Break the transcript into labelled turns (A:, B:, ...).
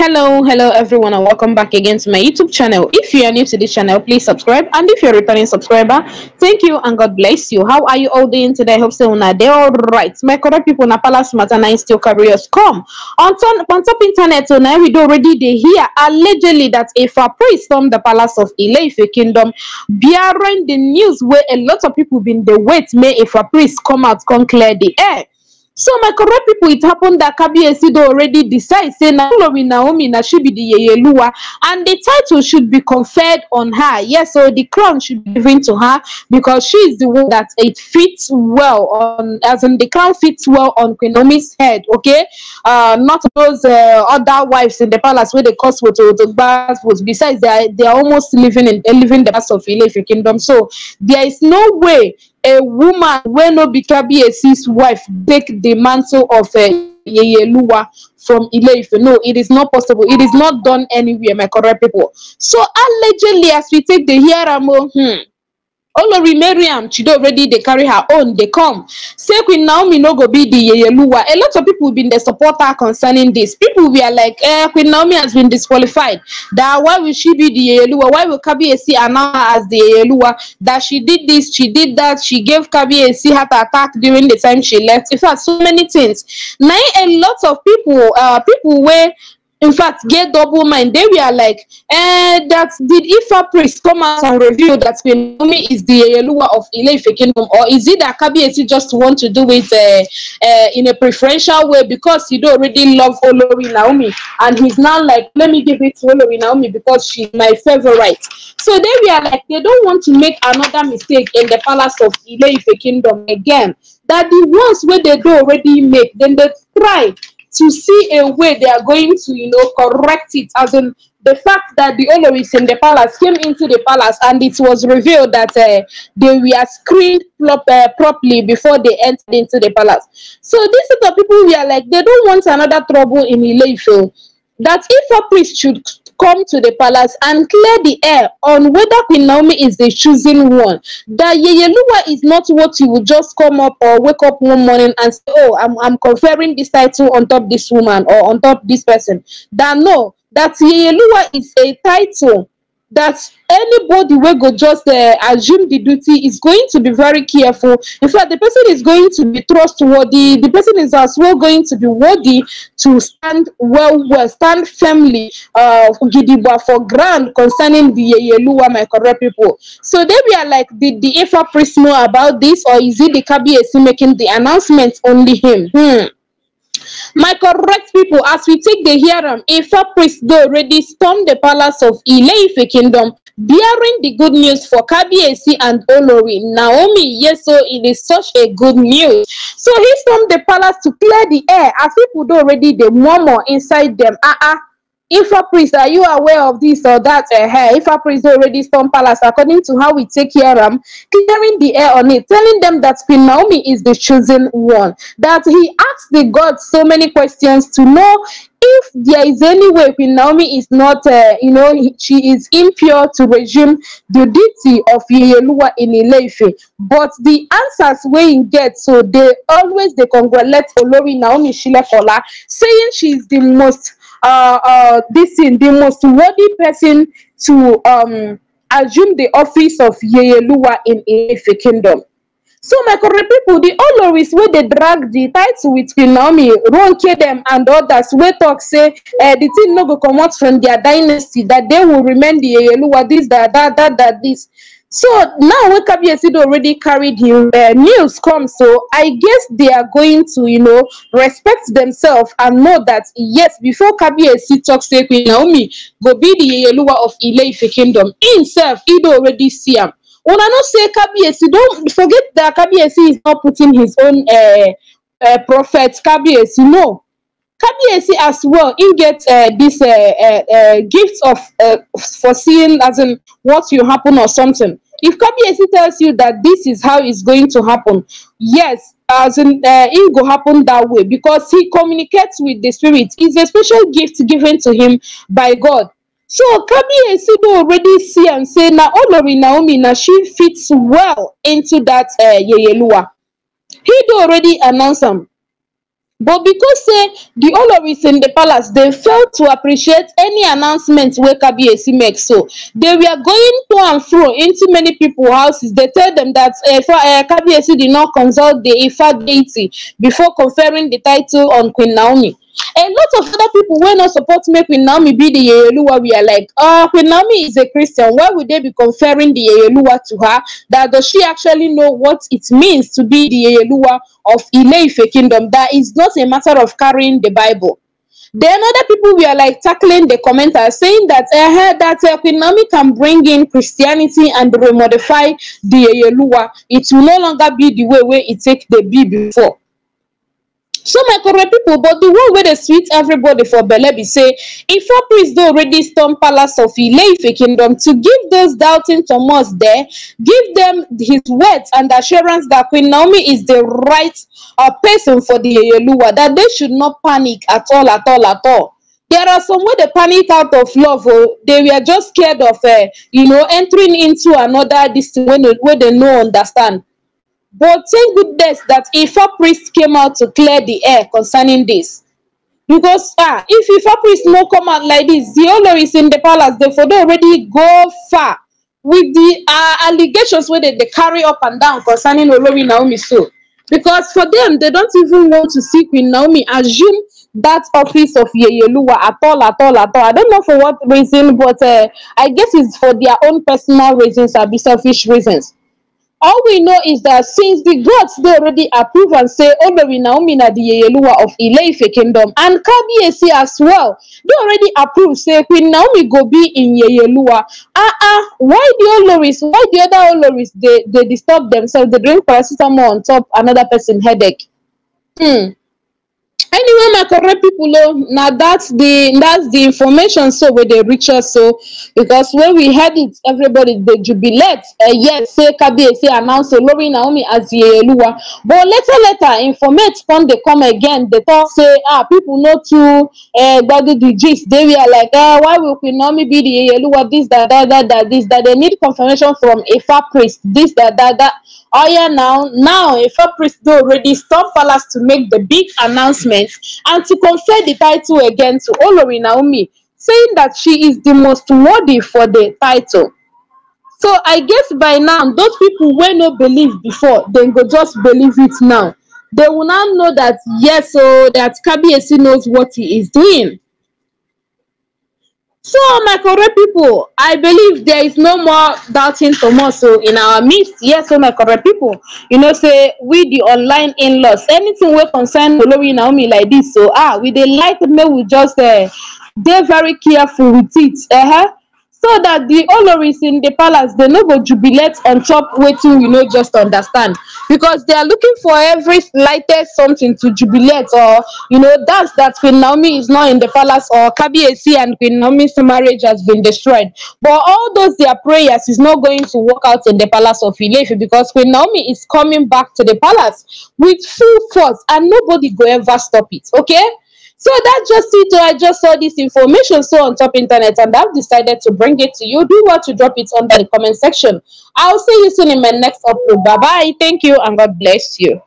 A: hello hello everyone and welcome back again to my youtube channel if you are new to this channel please subscribe and if you're a returning subscriber thank you and god bless you how are you all doing today i hope so una they all right my correct people the palace matter I still careers come on top on top internet tonight we do already they hear allegedly that if a priest storm the palace of ileife kingdom bearing the news where a lot of people been the wait may if a priest come out come clear the air so my correct people, it happened that Kabi don already decide say na naomi na she be the Yeyelua, and the title should be conferred on her yes so the crown should be given to her because she is the one that it fits well on as in the crown fits well on queen naomi's head okay uh not those uh, other wives in the palace where they cause water to was besides they are, they are almost living in living the past of Ilefi kingdom so there is no way a woman when no be his wife take the mantle of a uh, yeyeluwa from ileife no it is not possible it is not done anywhere my correct people so allegedly as we take the hear hmm, olori Miriam, chido already They carry her own They come say queen naomi no go be the yeyeluwa a lot of people been the supporter concerning concerning People we were like eh queen naomi has been disqualified that why will she be the yeyeluwa why will kabiyesi announce her as the yeyeluwa that she did this. she did that she gave kabiyesi heart attack during the time she left in fact so many things Many a lot of people, uh, pipo in fact get double mind they were like eh, that did ifa priest come out and reveal that Queen Naomi is the Yeluwa of ile kingdom or is it that Kabiyesi just want to do it uh, uh, in a preferential way because he don't really love Olori Naomi and he's now like let me give it to Olori Naomi because she's my favorite so they were like they don't want to make another mistake in the palace of ile kingdom again that the ones where they do already make then they try to see a way they are going to, you know, correct it. As in the fact that the Oloris in the palace came into the palace and it was revealed that uh, they were screened prop uh, properly before they entered into the palace. So these are the people we are like, they don't want another trouble in Ileife. That if a priest should come to the palace and clear the air on whether Queen Naomi is the chosen one. That Yeyeluwa is not what you will just come up or wake up one morning and say, oh, I'm, I'm conferring this title on top this woman or on top this person. That no, that Yeyeluwa is a title that anybody will go just uh, assume the duty is going to be very careful in fact the person is going to be trustworthy the person is as well going to be worthy to stand well well stand firmly uh, for Grand concerning the Yeluwa my correct people so they were like did the Afro priest know about this or is it the kabiyesi making the announcement only him hmm. My correct people, as we take the hearing, Ifa priest go already stormed the palace of Ileife kingdom, bearing the good news for Kabiesi and Olori. Naomi, yes, so it is such a good news. So he stormed the palace to clear the air as people already the murmur inside them. Ah uh ah. -uh. Ifa priest, are you aware of this or that? Uh, hey, Ifa priest already stormed palace according to how we take care of them, clearing the air on it, telling them that Queen is the chosen one, that he asked the God so many questions to know if there is any way Queen is not, uh, you know, she is impure to resume the duty of Yeyelua in Ileife. But the answers we get, so they always they congratulate Olori Naomi Shilekola, saying she is the most uh, uh, this thing, the most worthy person to um, assume the office of Yeyeluwa in Ife Kingdom. So, my correct people, the Oloris where they drag the title with Finami, Ronke them and others, we talk say uh, the thing no go come out from their dynasty, that they will remain the Yeyeluwa, this, that, that, that, that, this. So now when Kabi it already carried him, uh, news come. So I guess they are going to, you know, respect themselves and know that, yes, before Kabi Esid talks to Queen Naomi, go be the Yeluwa of Ileife Kingdom. Himself, he already see him. When I not say Kabi Esid, don't forget that Kabi is not putting his own uh, uh, prophet Kabi Esid. No kabiyesi as well im get uh, this uh, uh, uh, gift of uh, foreseeing as in what will happen or something if kabiyesi tells you that this is how it's going to happen yes as in uh, it go happen that way because he communicates with the spirit it's a special gift given to him by god so kabiyesi do already see and say na olori naomi na she fits well into that uh, yeyeluwa he do already announce him but because say di is in the palace they fail to appreciate any announcement wey kabiyesi make so they were going to and fro into many people's houses dey tell dem dat eh, eh, kabiyesi did not consult the ifa deity before conferring the title on queen naomi a lot of other people were not supposed to make Queen be the Yeyeluwa. We are like, oh, Queen is a Christian. Why would they be conferring the Yeyeluwa to her? That does she actually know what it means to be the Yeyeluwa of Ileife kingdom? That is not a matter of carrying the Bible. Then other people were like tackling the commenters, saying that I heard that uh, Nami can bring in Christianity and remodify the Yeyeluwa. It will no longer be the way where it take the be before so my correct people, but the one wey they sweet everybody for belle say, say ifa priest do already storm palace of ileife kingdom to give those doubting thomas there give them his words and assurance that queen naomi is the right uh, person for the yeyeluwa that they should not panic at all at all at all there are some wey they panic out of love oh they were just scared of uh, you know entering into another this when, they no understand but Boating witnessed that Ifa priest came out to clear the air concerning this. Because ah, if Ifa priest no come out like this, the owner is in the palace, they for already go far with the uh, allegations where they, they carry up and down concerning Olori Naomi so. Because for them, they don't even want to see Queen Naomi assume that office of Yeyeluwa at all, at all, at all. I don't know for what reason, but uh, I guess it's for their own personal reasons, or selfish reasons. All we know is that since the gods they already approve and say oh, we now na the Yeluwa of Ileife kingdom and Kabiyesi as well, they already approve say now we go be in Yeluwa. Ah uh-uh. ah, why the Oloris, why the other Oloris they they disturb themselves, they drink paracetamol on top another person headache. Hmm. Anyway, my correct people o that's the that's the information so wey they reach us because when we had it everybody the jubilate uh, yes say kabiyesi announce lori naomi as the but later later informate when they come again they talk say ah people know too uh, eh, gbagi the gist they were like ah, why will know naomi be the eluwa this that that that that this that they need confirmation from efa priest this that that that oh, yeah, now now efa priest don already stop for us to make the big announcement and to confer the title again to Olori Naomi, saying that she is the most worthy for the title. So I guess by now, those people were not believe before, then go just believe it now. They will now know that, yes, so oh, that Kabi Esi knows what he is doing. So, my correct people, I believe there is no more doubting tomorrow in our midst. Yes, so my correct people, you know, say we the online in laws, anything we concern Olori Naomi like this. So, ah, we the light, me, we just uh, eh, they're very careful with it. Uh eh, huh. Eh so the di is in the palace the no go jubilate on top You know, no just understand because they are looking for every slightest something to jubilate or you know that's that queen naomi is not in the palace or kabiyesi and queen naomi's marriage has been destroyed but all those their prayers is not going to work out in the palace of ilefe because queen naomi is coming back to the palace with full force and nobody go ever stop it okay. So that's just it. I just saw this information so on top internet and I've decided to bring it to you. Do want to drop it under the comment section. I'll see you soon in my next upload. Bye-bye. Thank you and God bless you.